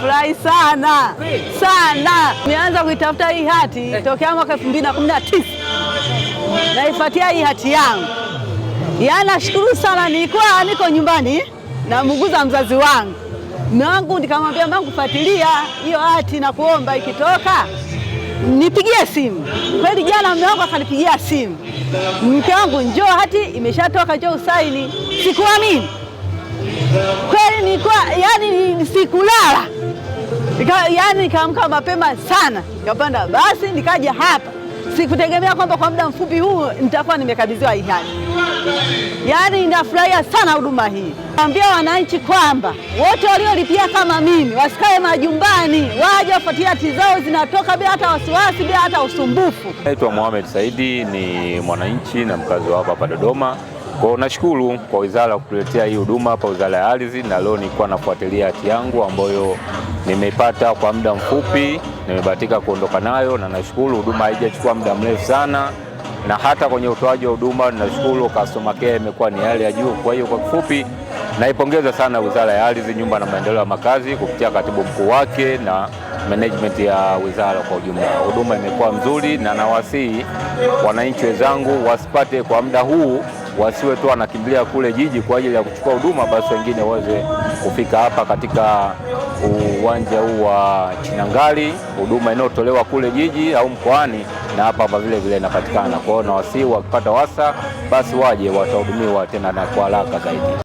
Furahi sana sana, nimeanza kuitafuta hii hati tokea mwaka elfu mbili na kumi na tisa naifuatia hii hati yangu. Yaani nashukuru sana, nilikuwa niko nyumbani namuguza mzazi wangu mangu, nikamwambia mangu, fuatilia hiyo hati na kuomba ikitoka nipigie simu. Kweli jana mume wangu akanipigia simu, mke wangu, njoo hati imeshatoka, njoo usaini. Sikuamini kweli, nilikuwa yani sikulala nika, yani nikaamka mapema sana, nikapanda basi nikaja hapa. Sikutegemea kwamba kwa muda mfupi huu nitakuwa nimekabidhiwa hali. Yaani nafurahia sana huduma hii. Naambia wananchi kwamba wote waliolipia kama mimi wasikae majumbani, waje wafuatilie hati zao zinatoka bila hata wasiwasi, bila hata usumbufu. Naitwa Mohamed Saidi, ni mwananchi na mkazi wa hapa hapa Dodoma. Kwa nashukuru kwa wizara ya kutuletea hii huduma hapa Wizara ya Ardhi, na leo nilikuwa nafuatilia hati yangu ambayo nimeipata kwa muda mfupi, nimebahatika kuondoka nayo, na nashukuru huduma haijachukua muda mrefu sana, na hata kwenye utoaji wa huduma nashukuru customer care imekuwa ni hali ya juu. Kwa hiyo kwa kifupi, naipongeza sana Wizara ya Ardhi, Nyumba na Maendeleo ya Makazi kupitia katibu mkuu wake na management ya wizara kwa ujumla. Huduma imekuwa nzuri, na nawasihi wananchi wenzangu wasipate kwa muda huu wasiwe tu wanakimbilia kule jiji kwa ajili ya kuchukua huduma, basi wengine waweze kufika hapa katika uwanja huu wa Chinangali. Huduma inayotolewa kule jiji au mkoani na hapa hapa vile vile inapatikana. Kwa hiyo nawasihi wakipata wasa, basi waje, watahudumiwa tena na kwa haraka zaidi.